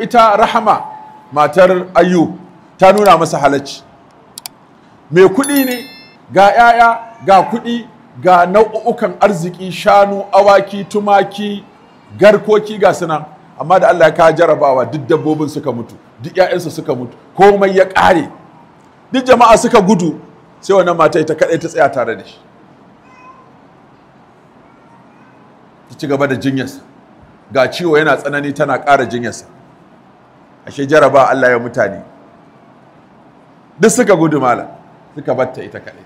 ita rahama matar ayyu ta nuna masa halacci mai kuɗi ne ga 'ya'ya ga kuɗi ga nau'ukan arziki shanu awaki tumaki garkoki ga suna amma da Allah ya ka jarabawa duk dabbobin suka mutu duk ‘ya’yansa suka mutu komai ya kare duk jama'a suka gudu sai wannan mata ita kaɗai ta tsaya tare da shi ta ci gaba da jinyarsa ga ciwo yana tsanani tana ƙara jinyarsa ashe jaraba Allah ya mutane duk suka gudu malam suka batta ita kaɗai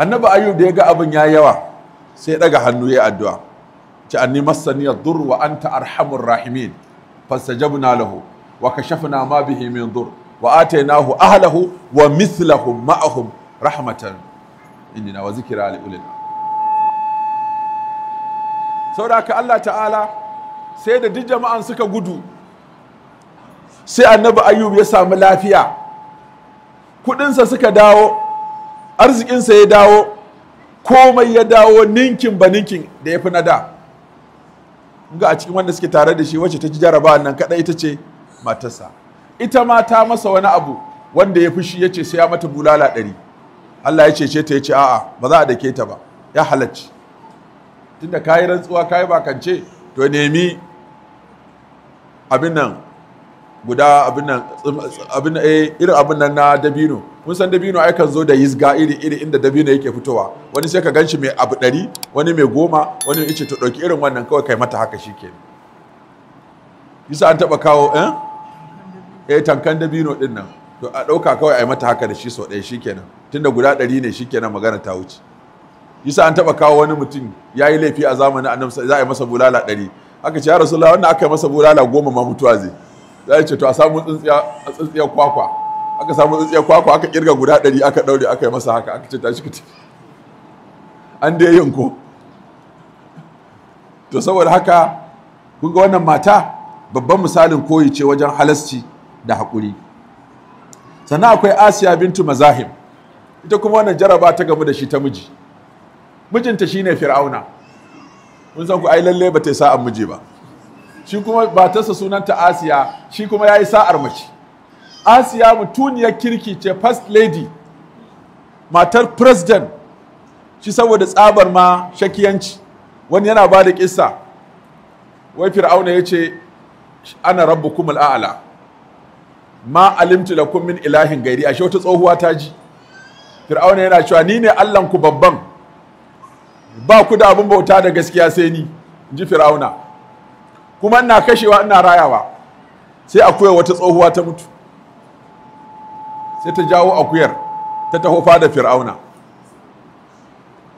annabi ayyub da ya ga abin ya yawa sai ɗaga hannu ya addu'a ci anni masani dur wa anta arhamur rahimin fastajabna lahu wa kashafna ma bihi min dur wa atainahu ahlahu wa mislahu ma'ahum rahmatan na wa zikra li saboda haka Allah ta'ala sai da duk jama'an suka gudu sai annabi ayyub ya samu lafiya kudinsa suka dawo arzikinsa ya dawo komai ya dawo ninkin ba ninkin da ya fi na da ga a cikin wanda suke tare da shi wacce ta ji jaraba nan kaɗai ita ce matarsa ita ma ta masa wani abu wanda ya fi shi ya ce sai ya mata bulala ɗari Allah ya ce ce ta ya ce a'a ba za a dake ta ba ya halarci tunda kayi rantsuwa kayi bakance to nemi abin nan guda abin nan abin eh, irin abin nan na dabino kun san dabino ai kan zo da yizga iri iri inda dabino yake fitowa wani sai ka ganshi mai abu ɗari wani mai goma wani ya ce to ɗauki irin wannan kawai kai mata haka shikenan yasa an taɓa kawo eh eh tankan dabino din nan to a ɗauka kawai ai mata haka da shi sau ɗaya shikenan tunda guda ɗari ne shikenan magana ta wuce yasa an taba kawo wani mutum ya yi laifi a zamanin annabi za a yi masa bulala ɗari aka ce ya rasulullah wannan aka yi masa bulala goma ma mutuwa zai za a ce to a samu tsintsiya kwakwa aka samu tsintsiya kwakwa aka kirga guda ɗari aka ɗaure aka yi masa haka aka ce tashi kiti an dai yin ko to saboda haka kun ga wannan mata babban misalin koyi ce wajen halasci da haƙuri sannan akwai asiya bintu mazahim ita kuma wannan jaraba ta gamu da shi ta miji mijinta shine fir'auna mun san ku ai lalle ba ta yi sa'ar miji ba shi kuma ba batarsa sunanta asiya shi kuma ya yi sa'ar mace asiya mutuniyar kirki ce first lady matar president shi saboda tsabar ma shakiyanci wani yana ba da kisa wai fir'auna ya ce ana rabbukum al'ala ma alimtu lakum min ilahin gairi ashe wata tsohuwa ta ji fir'auna yana cewa ni ne allahnku babban ba ku da abin bauta da gaskiya sai ni ji fir'auna kuma ina kashewa ina rayawa sai akuya wata tsohuwa ta mutu sai ta jawo akuyar ta taho da fir'auna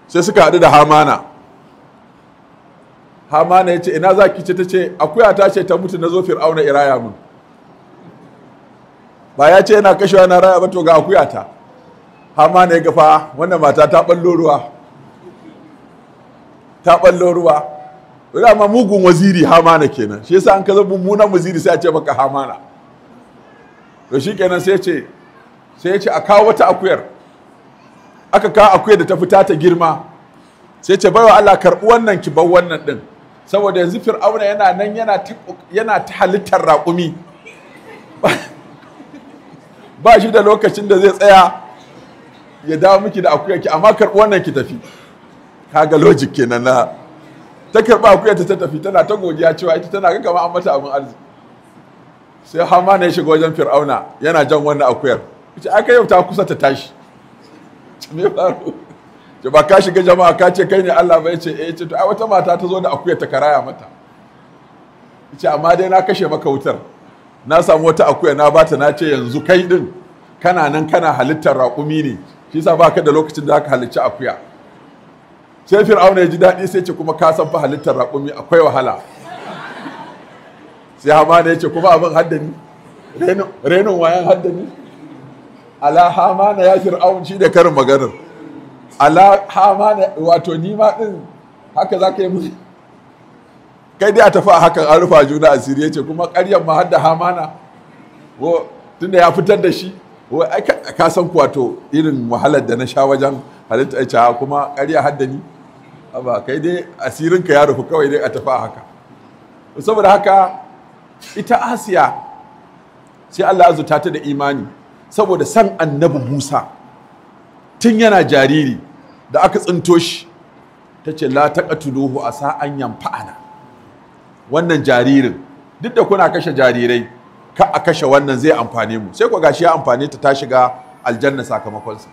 sai suka haɗu da hamana hamana ya ce ina za ki ce ta ce akuya ta ce ta mutu na zo fir'auna iraya mun ba ya ce yana kashewa na raya ba to ga akuya ta hamana ya gafa wannan mata ta ɓallo ruwa ta ɓallon ruwa dama mugun waziri hamana kenan shi yasa an ka zama mummunan waziri sai a ce maka hamana to shi kenan sai ce sai ce a kawo wata akuyar aka kawo akuyar da ta fita ta girma sai ce baiwa Allah karɓi wannan ki bar wannan din saboda yanzu fir'auna yana nan yana ta halittar raƙumi ba shi da lokacin da zai tsaya ya dawo miki da akuyar ki amma karɓi wannan ki tafi kaga logic kenan na ta karba akuyarta ta tafi tana ta godiya cewa ita tana ga kamar an mata abin arziki sai hama ya shiga wajen fir'auna yana jan wannan akuyar ita aka yau ta kusa ta tashi me faru ce ba ka shiga jama'a ka ce kai ne Allah bai ce eh ce to ai wata mata ta zo da akuyar ta karaya mata ita amma dai na kashe maka wutar na samu wata akuya na bata na ce yanzu kai din kana nan kana halittar raƙumi ne shi yasa baka da lokacin da aka halicci akuya sai fir'auna ya ji daɗi sai ce kuma ka san fa halittar raƙumi akwai wahala sai hamana ya ce kuma abin haddani renin wayan haddani ala hamana ya fir'aun shi da karin maganar ala hamana wato ni ma din haka za ka yi muni kai dai a tafi a hakan an rufa juna a ya ce kuma ƙaryar ma hadda hamana tunda ya fitar da shi ka san kuwa to irin wahalar da na sha wajen halitta kuma ƙarya haddani ba kai dai asirinka ya rufu kawai dai a tafi haka saboda haka ita asiya sai Allah azuta ta da imani saboda san annabi Musa tun yana jariri da aka tsinto shi ta ce la a sa'an an yanfa'ana wannan jaririn duk da kuna kashe jarirai ka a kashe wannan zai amfane mu sai ku gashi ya amfane ta ta shiga aljanna sakamakonsa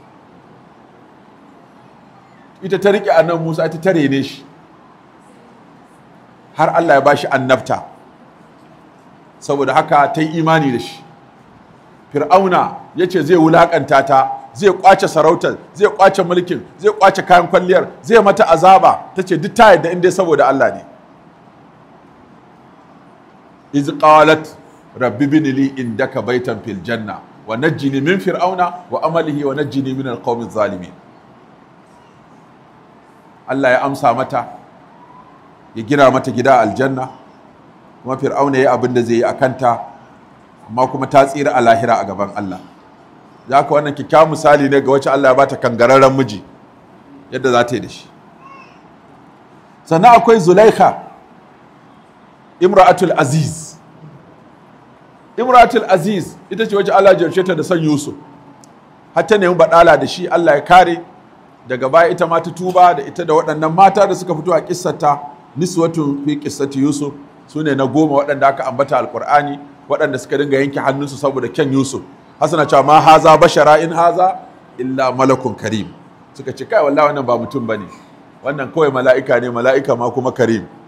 ita ta riƙe annabi Musa ita ta rene shi har Allah ya bashi annabta saboda haka ta yi imani da shi fir'auna ya ce zai wulakanta ta zai kwace sarautar zai kwace mulkin zai kwace kayan kwalliyar zai mata azaba ta ce duk ta yadda inda saboda Allah ne iz qalat rabbi bin li indaka baitan fil janna wa najjini min fir'auna wa amalihi wa najjini min alqawmi zalimin Allah ya amsa mata ya gina mata gida aljanna kuma fir'auna ya abin da zai yi akanta kanta amma kuma ta tsira a lahira a gaban Allah za ka wannan kyakkyawan misali ne ga wacce Allah ya bata kangararren miji yadda za ta yi da shi sannan akwai zulaikha imra'atul aziz imra'atul aziz ita ce wacce Allah ya ta da son yusuf har ta nemi badala da shi Allah ya kare daga baya ita ma ta tuba da ita da waɗannan mata da suka fito a kissata niswatun fi kissati yusuf su ne na goma waɗanda aka ambata alkur'ani waɗanda suka dinga yanke hannunsu saboda kyan yusuf hasana cewa ma haza bashara in haza illa malakun karim suka ce kai wallahi wannan ba mutum bane wannan kawai mala'ika ne mala'ika ma kuma karim